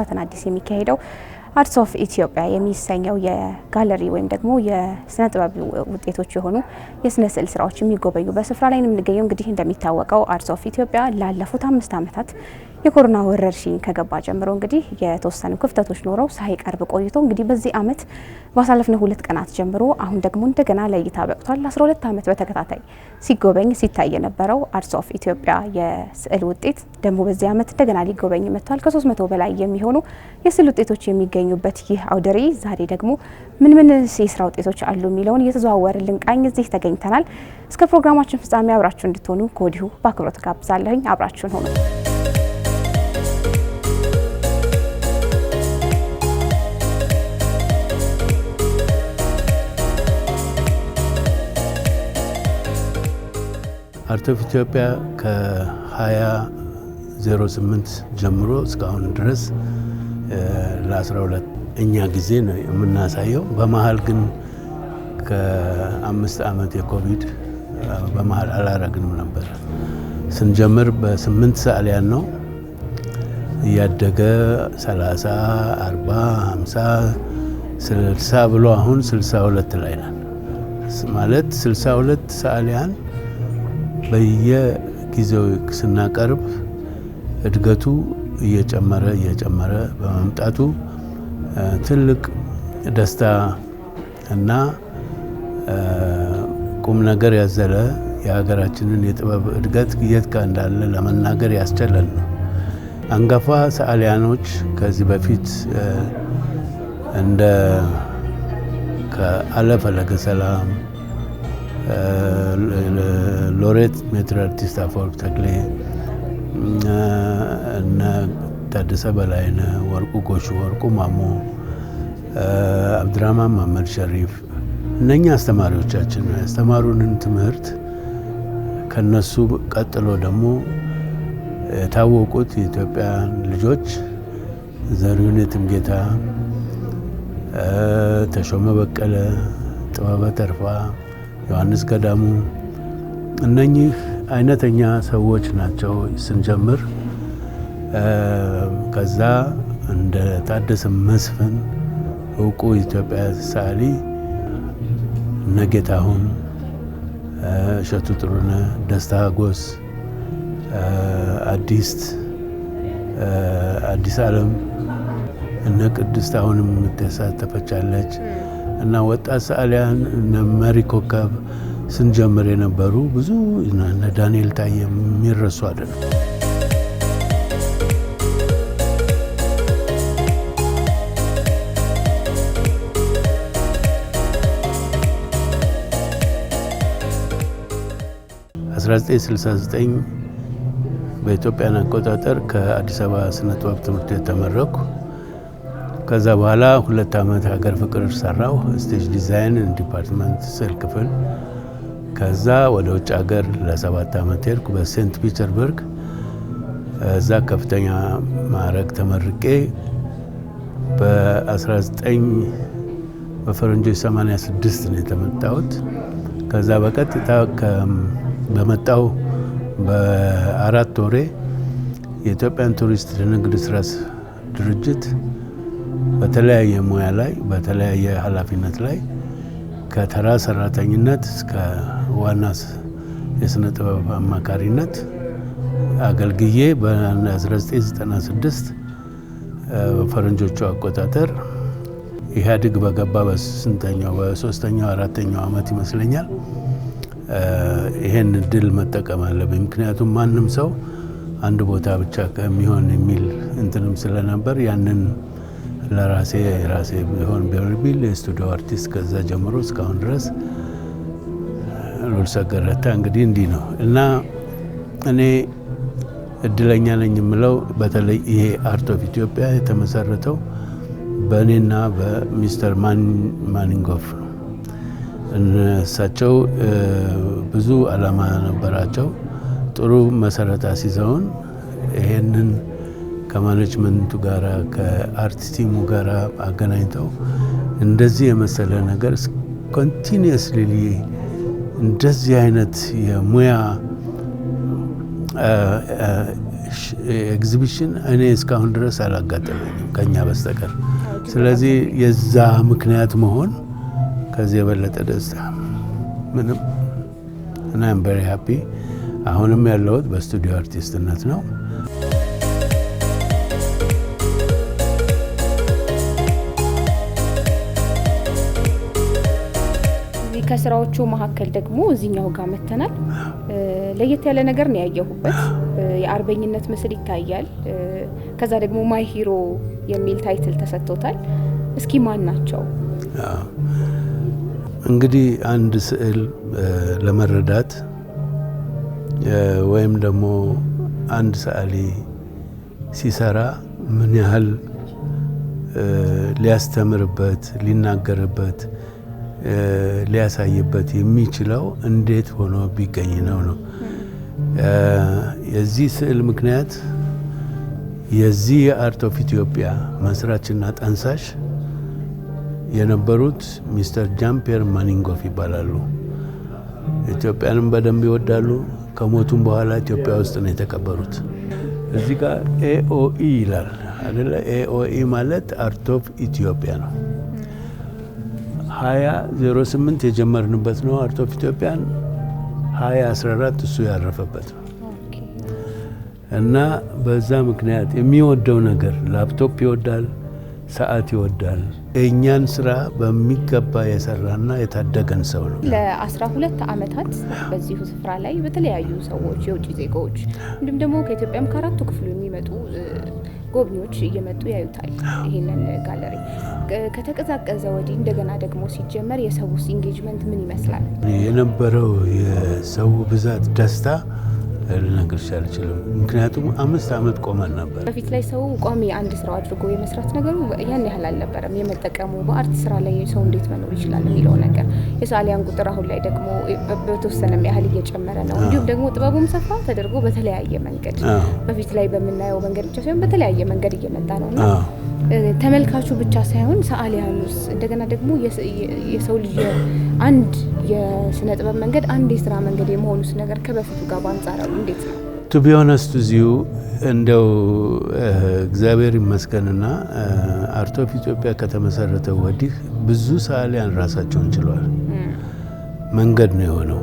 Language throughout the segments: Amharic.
ሸራተን አዲስ የሚካሄደው አርትስ ኦፍ ኢትዮጵያ የሚሰኘው የጋለሪ ወይም ደግሞ የስነ ጥበብ ውጤቶች የሆኑ የስነ ስዕል ስራዎች የሚጎበኙ በስፍራ ላይ ነው የምንገኘው። እንግዲህ እንደሚታወቀው አርትስ ኦፍ ኢትዮጵያ ላለፉት አምስት ዓመታት የኮሮና ወረርሽኝ ከገባ ጀምሮ እንግዲህ የተወሰኑ ክፍተቶች ኖረው ሳይቀርብ ቆይቶ እንግዲህ በዚህ አመት ባሳለፍነው ሁለት ቀናት ጀምሮ አሁን ደግሞ እንደገና ለእይታ በቅቷል። 12 ዓመት በተከታታይ ሲጎበኝ ሲታይ የነበረው አርትስ ኦፍ ኢትዮጵያ የስዕል ውጤት ደግሞ በዚህ ዓመት እንደገና ሊጎበኝ መጥቷል ከሶስት መቶ በላይ የሚሆኑ የስዕል ውጤቶች የሚገኙበት ይህ አውደ ዛሬ ደግሞ ምን ምን የስራ ውጤቶች አሉ የሚለውን እየተዘዋወርን ልንቃኝ እዚህ ተገኝተናል። እስከ ፕሮግራማችን ፍጻሜ አብራችሁ እንድትሆኑ ከወዲሁ በአክብሮት ጋብዛለሁኝ። አብራችሁን ሆኑ። አርት ኦፍ ኢትዮጵያ ከ2008 ጀምሮ እስካሁን ድረስ ለ12 እኛ ጊዜ ነው የምናሳየው። በመሀል ግን ከአምስት ዓመት የኮቪድ በመሀል አላረግንም ነበር። ስንጀምር በስምንት ሰዓሊያን ነው እያደገ 30፣ 40፣ 50፣ 60 ብሎ አሁን 62 ላይ ናል ማለት 62 ሰዓሊያን በየጊዜው ስናቀርብ እድገቱ እየጨመረ እየጨመረ በመምጣቱ ትልቅ ደስታ እና ቁም ነገር ያዘለ የሀገራችንን የጥበብ እድገት የት ጋ እንዳለ ለመናገር ያስችላል ነው። አንጋፋ ሰዓሊያኖች ከዚህ በፊት እንደ ከአለፈለገ ሰላም ሎሬት ሜትር አርቲስት አፈወርቅ ተክሌ እና ታደሰ በላይነህ፣ ወርቁ ጎሹ፣ ወርቁ ማሞ፣ አብድራማን መሀመድ ሸሪፍ እነኛ አስተማሪዎቻችን ነው ያስተማሩንን ትምህርት። ከነሱ ቀጥሎ ደግሞ የታወቁት የኢትዮጵያ ልጆች ዘሪሁን ትምጌታ ተሾመ በቀለ፣ ጥበበ ተርፋ ዮሐንስ ገዳሙ እነኚህ አይነተኛ ሰዎች ናቸው ስንጀምር። ከዛ እንደ ታደሰ መስፍን እውቁ ኢትዮጵያ ሳሊ እነ ጌታሁን እሸቱ ጥሩነ ደስታ ጎስ አዲስት አዲስ ዓለም እነ ቅድስት አሁንም የምትሳተፈቻለች እና ወጣት ሰዓሊያን እነ መሪ ኮከብ ስንጀምር የነበሩ ብዙ እነ ዳንኤል ታዬ የሚረሱ አይደለም። በኢትዮጵያን አቆጣጠር ከአዲስ አበባ ስነ ጥበብ ትምህርት ቤት ተመረኩ። ከዛ በኋላ ሁለት ዓመት ሀገር ፍቅር ሰራው ስቴጅ ዲዛይን ዲፓርትመንት ስዕል ክፍል። ከዛ ወደ ውጭ ሀገር ለሰባት ዓመት ሄድኩ፣ በሴንት ፒተርበርግ። እዛ ከፍተኛ ማዕረግ ተመርቄ በ19 በፈረንጆች 86 ነው የተመጣሁት። ከዛ በቀጥታ በመጣው በአራት ወሬ የኢትዮጵያን ቱሪስት ንግድ ስራ ድርጅት በተለያየ ሙያ ላይ በተለያየ ኃላፊነት ላይ ከተራ ሰራተኝነት እስከ ዋና የስነ ጥበብ አማካሪነት አገልግዬ በ1996 ፈረንጆቹ አቆጣጠር ኢህአዴግ በገባ በስንተኛው በሶስተኛው አራተኛው ዓመት ይመስለኛል ይሄን እድል መጠቀም አለብኝ። ምክንያቱም ማንም ሰው አንድ ቦታ ብቻ ከሚሆን የሚል እንትንም ስለነበር ያንን ለራሴ ራሴ ሆን ቢሆን ስቱዲዮ አርቲስት ከዛ ጀምሮ እስካሁን ድረስ ሉልሰገድ ገረታ እንግዲህ እንዲህ ነው እና እኔ እድለኛ ነኝ የምለው በተለይ ይሄ አርት ኦፍ ኢትዮጵያ የተመሰረተው በእኔና በሚስተር ማኒንጎፍ ነው። እነሳቸው ብዙ አላማ ነበራቸው። ጥሩ መሰረት አስይዘውን ይሄንን ከማኔጅመንቱ ጋራ ከአርት ቲሙ ጋራ አገናኝተው እንደዚህ የመሰለ ነገር ኮንቲኒየስሊ እንደዚህ አይነት የሙያ ኤግዚቢሽን እኔ እስካሁን ድረስ አላጋጠመኝም ከኛ በስተቀር። ስለዚህ የዛ ምክንያት መሆን ከዚህ የበለጠ ደስታ ምንም እና ቨሪ ሃፒ። አሁንም ያለሁት በስቱዲዮ አርቲስትነት ነው። ከስራዎቹ መካከል ደግሞ እዚህኛው ጋር መተናል። ለየት ያለ ነገር ነው ያየሁበት። የአርበኝነት ምስል ይታያል። ከዛ ደግሞ ማይ ሂሮ የሚል ታይትል ተሰጥቶታል። እስኪ ማን ናቸው? እንግዲህ አንድ ስዕል ለመረዳት ወይም ደግሞ አንድ ሰዓሊ ሲሰራ ምን ያህል ሊያስተምርበት ሊናገርበት ሊያሳይበት የሚችለው እንዴት ሆኖ ቢገኝ ነው ነው። የዚህ ስዕል ምክንያት የዚህ የአርት ኦፍ ኢትዮጵያ መስራችና ጠንሳሽ የነበሩት ሚስተር ጃምፔር ማኒንጎፍ ይባላሉ። ኢትዮጵያንም በደንብ ይወዳሉ። ከሞቱም በኋላ ኢትዮጵያ ውስጥ ነው የተቀበሩት። እዚህ ጋር ኤኦኢ ይላል አይደለ? ኤኦኢ ማለት አርት ኦፍ ኢትዮጵያ ነው። 2008 የጀመርንበት ነው። አርት ኦፍ ኢትዮጵያን 2014 እሱ ያረፈበት ነው እና በዛ ምክንያት የሚወደው ነገር ላፕቶፕ ይወዳል፣ ሰዓት ይወዳል። እኛን ስራ በሚገባ የሰራና የታደገን ሰው ነው ለአስራ ሁለት አመታት በዚሁ ስፍራ ላይ በተለያዩ ሰዎች የውጭ ዜጋዎች እንዲሁም ደግሞ ከኢትዮጵያም ከአራቱ ክፍሉ የሚመጡ ጎብኚዎች እየመጡ ያዩታል። ይህንን ጋለሪ ከተቀዛቀዘ ወዲህ እንደገና ደግሞ ሲጀመር የሰው ኢንጌጅመንት ምን ይመስላል? የነበረው የሰው ብዛት ደስታ ልነግርሽ አልችልም። ምክንያቱም አምስት ዓመት ቆመን ነበር። በፊት ላይ ሰው ቋሚ አንድ ስራ አድርጎ የመስራት ነገሩ ያን ያህል አልነበረም የመጠቀሙ በአርት ስራ ላይ ሰው እንዴት መኖር ይችላል የሚለው ነገር የሰዓሊያን ቁጥር አሁን ላይ ደግሞ በተወሰነም ያህል እየጨመረ ነው። እንዲሁም ደግሞ ጥበቡም ሰፋ ተደርጎ በተለያየ መንገድ በፊት ላይ በምናየው መንገድ ብቻ ሳይሆን በተለያየ መንገድ እየመጣ ነው እና ተመልካቹ ብቻ ሳይሆን ሰዓሊያኑስ እንደገና ደግሞ የሰው ልጅ አንድ የስነ ጥበብ መንገድ አንድ የስራ መንገድ የመሆኑስ ነገር ከበፊቱ ጋር በአንጻራዊ እንዴት ነው? ቱ ቢ እዚሁ እንደው እግዚአብሔር ይመስገንና አርት ኦፍ ኢትዮጵያ ከተመሰረተ ወዲህ ብዙ ሰዓሊያን ራሳቸውን ችለዋል። መንገድ ነው የሆነው።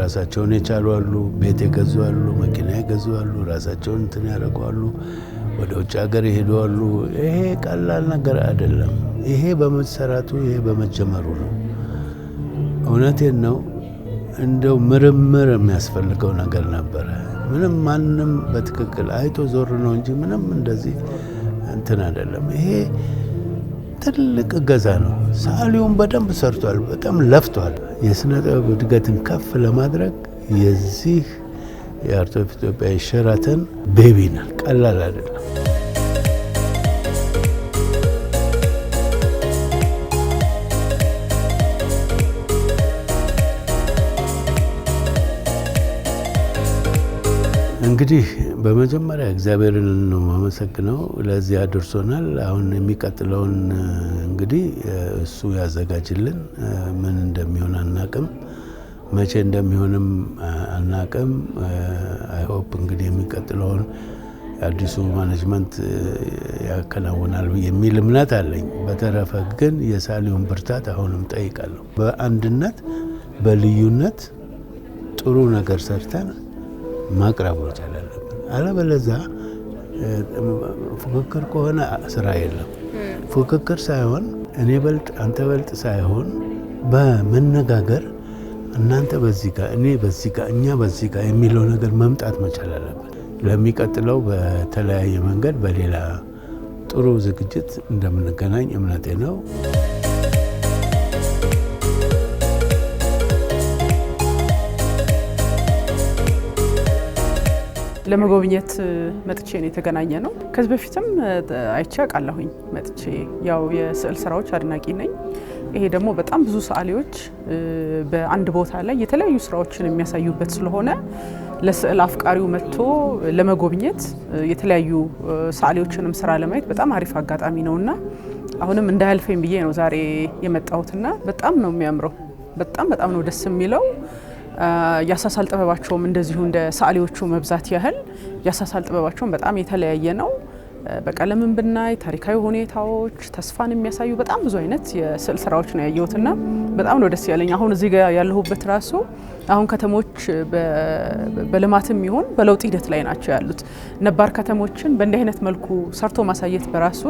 ራሳቸውን የቻሉ አሉ፣ ቤት የገዙ አሉ፣ መኪና የገዙ አሉ፣ ራሳቸውን እንትን ያደረጉ ወደ ውጭ ሀገር ይሄዳሉ። ይሄ ቀላል ነገር አይደለም። ይሄ በመሰራቱ ይሄ በመጀመሩ ነው። እውነቴን ነው። እንደው ምርምር የሚያስፈልገው ነገር ነበረ። ምንም ማንም በትክክል አይቶ ዞር ነው እንጂ ምንም እንደዚህ እንትን አይደለም። ይሄ ትልቅ እገዛ ነው። ሰዓሊውን በደንብ ሰርቷል፣ በጣም ለፍቷል። የስነ ጥበብ እድገትን ከፍ ለማድረግ የዚህ የአርቶ ኢትዮጵያ ሸራተን ቤቢ ናት። ቀላል አይደለም። እንግዲህ በመጀመሪያ እግዚአብሔርን ነው የማመሰግነው፣ ለዚህ አድርሶናል። አሁን የሚቀጥለውን እንግዲህ እሱ ያዘጋጅልን። ምን እንደሚሆን አናቅም። መቼ እንደሚሆንም አናቅም። አይሆፕ እንግዲህ የሚቀጥለውን የአዲሱ ማኔጅመንት ያከናውናል የሚል እምነት አለኝ። በተረፈ ግን የሳሊውን ብርታት አሁንም ጠይቃለሁ። በአንድነት በልዩነት ጥሩ ነገር ሰርተን ማቅረብ መቻል አለብን። አለበለዛ ፉክክር ከሆነ ስራ የለም። ፉክክር ሳይሆን እኔ በልጥ አንተ በልጥ ሳይሆን በመነጋገር እናንተ በዚህ ጋር እኔ በዚህ ጋር እኛ በዚህ ጋር የሚለው ነገር መምጣት መቻል አለበት። ለሚቀጥለው በተለያየ መንገድ በሌላ ጥሩ ዝግጅት እንደምንገናኝ እምነቴ ነው። ለመጎብኘት መጥቼ ነው የተገናኘ ነው። ከዚህ በፊትም አይቼ አውቃለሁኝ መጥቼ ያው የስዕል ስራዎች አድናቂ ነኝ። ይሄ ደግሞ በጣም ብዙ ሰዓሊዎች በአንድ ቦታ ላይ የተለያዩ ስራዎችን የሚያሳዩበት ስለሆነ ለስዕል አፍቃሪው መጥቶ ለመጎብኘት የተለያዩ ሰዓሊዎችንም ስራ ለማየት በጣም አሪፍ አጋጣሚ እና አሁንም እንዳያልፈኝ ብዬ ነው ዛሬ የመጣሁትና በጣም ነው የሚያምረው። በጣም በጣም ነው ደስ የሚለው። የአሳሳል ጥበባቸውም እንደዚሁ እንደ ሰዓሊዎቹ መብዛት ያህል የአሳሳል ጥበባቸውም በጣም የተለያየ ነው። በቀለምን ብናይ ታሪካዊ ሁኔታዎች ተስፋን የሚያሳዩ በጣም ብዙ አይነት የስዕል ስራዎች ነው ያየሁትና በጣም ነው ደስ ያለኝ። አሁን እዚህ ጋር ያለሁበት ራሱ አሁን ከተሞች በልማትም ይሁን በለውጥ ሂደት ላይ ናቸው ያሉት። ነባር ከተሞችን በእንዲህ አይነት መልኩ ሰርቶ ማሳየት በራሱ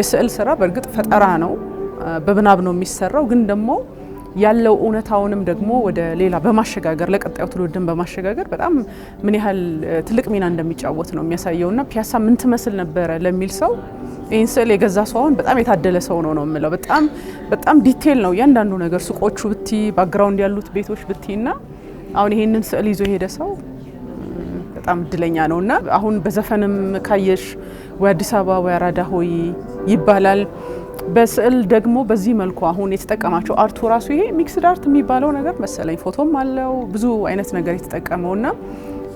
የስዕል ስራ በእርግጥ ፈጠራ ነው፣ በምናብ ነው የሚሰራው ግን ደግሞ ያለው እውነታውንም ደግሞ ወደ ሌላ በማሸጋገር ለቀጣዩ ትውልድን በማሸጋገር በጣም ምን ያህል ትልቅ ሚና እንደሚጫወት ነው የሚያሳየውና ፒያሳ ምን ትመስል ነበረ ለሚል ሰው ይህን ስዕል የገዛ ሰው አሁን በጣም የታደለ ሰው ነው ነው የምለው። በጣም በጣም ዲቴል ነው እያንዳንዱ ነገር ሱቆቹ ብቲ ባክግራውንድ ያሉት ቤቶች ብቲ እና አሁን ይህንን ስዕል ይዞ የሄደ ሰው በጣም እድለኛ ነው እና አሁን በዘፈንም ካየሽ ወይ አዲስ አበባ ወይ አራዳ ሆይ ይባላል። በስዕል ደግሞ በዚህ መልኩ አሁን የተጠቀማቸው አርቱ ራሱ ይሄ ሚክስድ አርት የሚባለው ነገር መሰለኝ ፎቶም አለው ብዙ አይነት ነገር የተጠቀመው እና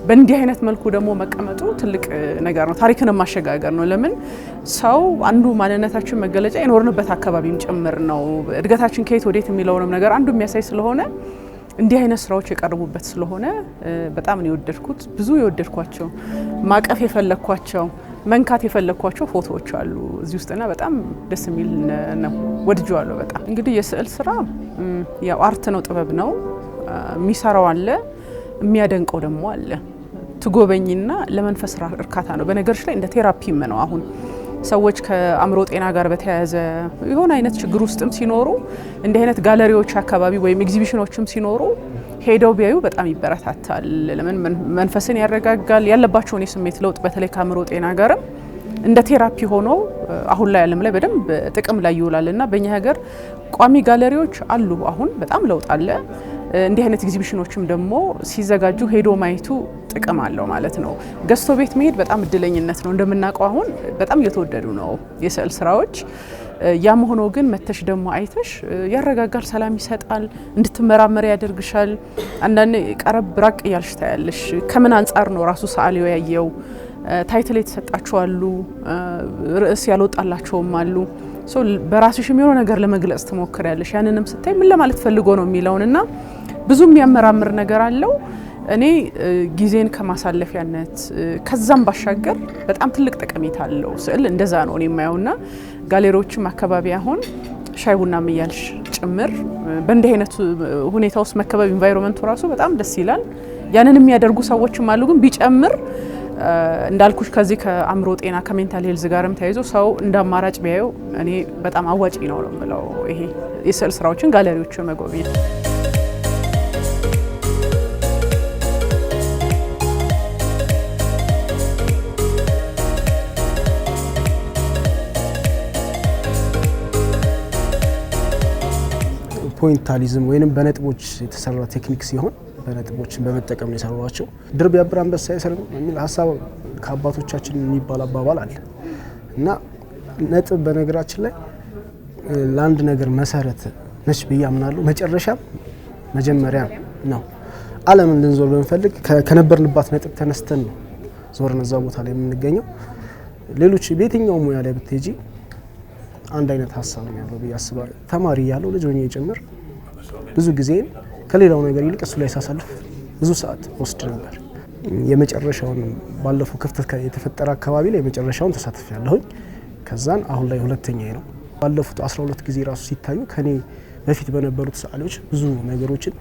በእንዲህ አይነት መልኩ ደግሞ መቀመጡ ትልቅ ነገር ነው። ታሪክን ማሸጋገር ነው። ለምን ሰው አንዱ ማንነታችን መገለጫ የኖርንበት አካባቢም ጭምር ነው። እድገታችን ከየት ወዴት የሚለውንም ነገር አንዱ የሚያሳይ ስለሆነ እንዲህ አይነት ስራዎች የቀረቡበት ስለሆነ በጣም ነው የወደድኩት። ብዙ የወደድኳቸው ማቀፍ የፈለግኳቸው መንካት የፈለግኳቸው ፎቶዎች አሉ እዚህ ውስጥና በጣም ደስ የሚል ነው። ወድጀዋለሁ በጣም እንግዲህ የስዕል ስራ ያው አርት ነው፣ ጥበብ ነው። የሚሰራው አለ፣ የሚያደንቀው ደግሞ አለ። ትጎበኝና ለመንፈስ እርካታ ነው። በነገሮች ላይ እንደ ቴራፒም ነው አሁን ሰዎች ከአእምሮ ጤና ጋር በተያያዘ የሆነ አይነት ችግር ውስጥም ሲኖሩ እንዲህ አይነት ጋለሪዎች አካባቢ ወይም ኤግዚቢሽኖችም ሲኖሩ ሄደው ቢያዩ በጣም ይበረታታል። ለምን መንፈስን ያረጋጋል። ያለባቸውን የስሜት ለውጥ በተለይ ከአእምሮ ጤና ጋርም እንደ ቴራፒ ሆኖ አሁን ላይ ዓለም ላይ በደንብ ጥቅም ላይ ይውላል እና በእኛ ሀገር ቋሚ ጋለሪዎች አሉ። አሁን በጣም ለውጥ አለ። እንዲህ አይነት ኤግዚቢሽኖችም ደግሞ ሲዘጋጁ ሄዶ ማየቱ ጥቅም አለው ማለት ነው። ገዝቶ ቤት መሄድ በጣም እድለኝነት ነው። እንደምናውቀው አሁን በጣም እየተወደዱ ነው የስዕል ስራዎች ያም ሆኖ ግን መተሽ ደግሞ አይተሽ ያረጋጋል፣ ሰላም ይሰጣል፣ እንድትመራመር ያደርግሻል። አንዳንድ ቀረብ ራቅ እያልሽ ታያለሽ። ከምን አንጻር ነው ራሱ ሰዓሊው ያየው? ታይትል የተሰጣቸው አሉ፣ ርዕስ ያልወጣላቸውም አሉ። በራስሽ የሚሆነ ነገር ለመግለጽ ትሞክሪያለሽ። ያንንም ስታይ ምን ለማለት ፈልጎ ነው የሚለውን እና ብዙ የሚያመራምር ነገር አለው። እኔ ጊዜን ከማሳለፊያነት ከዛም ባሻገር በጣም ትልቅ ጠቀሜታ አለው ስዕል። እንደዛ ነው እኔ የማየውና ጋሌሮችም አካባቢ አሁን ሻይ ቡናም እያልሽ ጭምር በእንዲህ አይነት ሁኔታ ውስጥ መከበብ ኢንቫይሮንመንቱ ራሱ በጣም ደስ ይላል። ያንን የሚያደርጉ ሰዎችም አሉ። ግን ቢጨምር እንዳልኩሽ ከዚህ ከአእምሮ ጤና ከሜንታል ሄልዝ ጋርም ተያይዞ ሰው እንደ አማራጭ ቢያየው እኔ በጣም አዋጪ ነው ነው የምለው ይሄ የስዕል ስራዎችን ጋለሪዎቹ መጎብኘት ፖይንታሊዝም ወይም በነጥቦች የተሰራ ቴክኒክ ሲሆን በነጥቦችን በመጠቀም ነው የሰሯቸው። ድር ቢያብር አንበሳ አይሰርም የሚል ሀሳብ ከአባቶቻችን የሚባል አባባል አለ እና ነጥብ በነገራችን ላይ ለአንድ ነገር መሰረት ነች ብዬ አምናለሁ። መጨረሻም መጀመሪያ ነው። ዓለምን ልንዞር ብንፈልግ ከነበርንባት ነጥብ ተነስተን ነው ዞርን እዛ ቦታ ላይ የምንገኘው። ሌሎች በየትኛው ሙያ ላይ ብትሄጂ አንድ አይነት ሀሳብ ነው ያለው ብዬ አስባለሁ። ተማሪ እያለሁ ልጅ ሆኜ ጭምር ብዙ ጊዜ ከሌላው ነገር ይልቅ እሱ ላይ ሳሳልፍ ብዙ ሰዓት ወስድ ነበር። የመጨረሻውን ባለፈው ክፍተት የተፈጠረ አካባቢ ላይ የመጨረሻውን ተሳትፍ ያለሁኝ ከዛን አሁን ላይ ሁለተኛ ነው። ባለፉት 12 ጊዜ ራሱ ሲታዩ ከኔ በፊት በነበሩት ሰዓሊዎች ብዙ ነገሮችን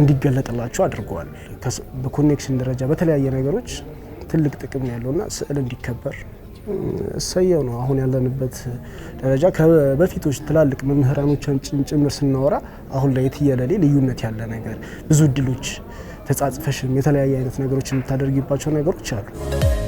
እንዲገለጥላቸው አድርገዋል። በኮኔክሽን ደረጃ በተለያየ ነገሮች ትልቅ ጥቅም ያለውና ስዕል እንዲከበር እሰየው ነው። አሁን ያለንበት ደረጃ በፊቶች ትላልቅ መምህራኖችን ጭምር ስናወራ አሁን ላይ የትየለሌ ልዩነት ያለ ነገር ብዙ እድሎች ተጻጽፈሽም የተለያየ አይነት ነገሮች የምታደርጊባቸው ነገሮች አሉ።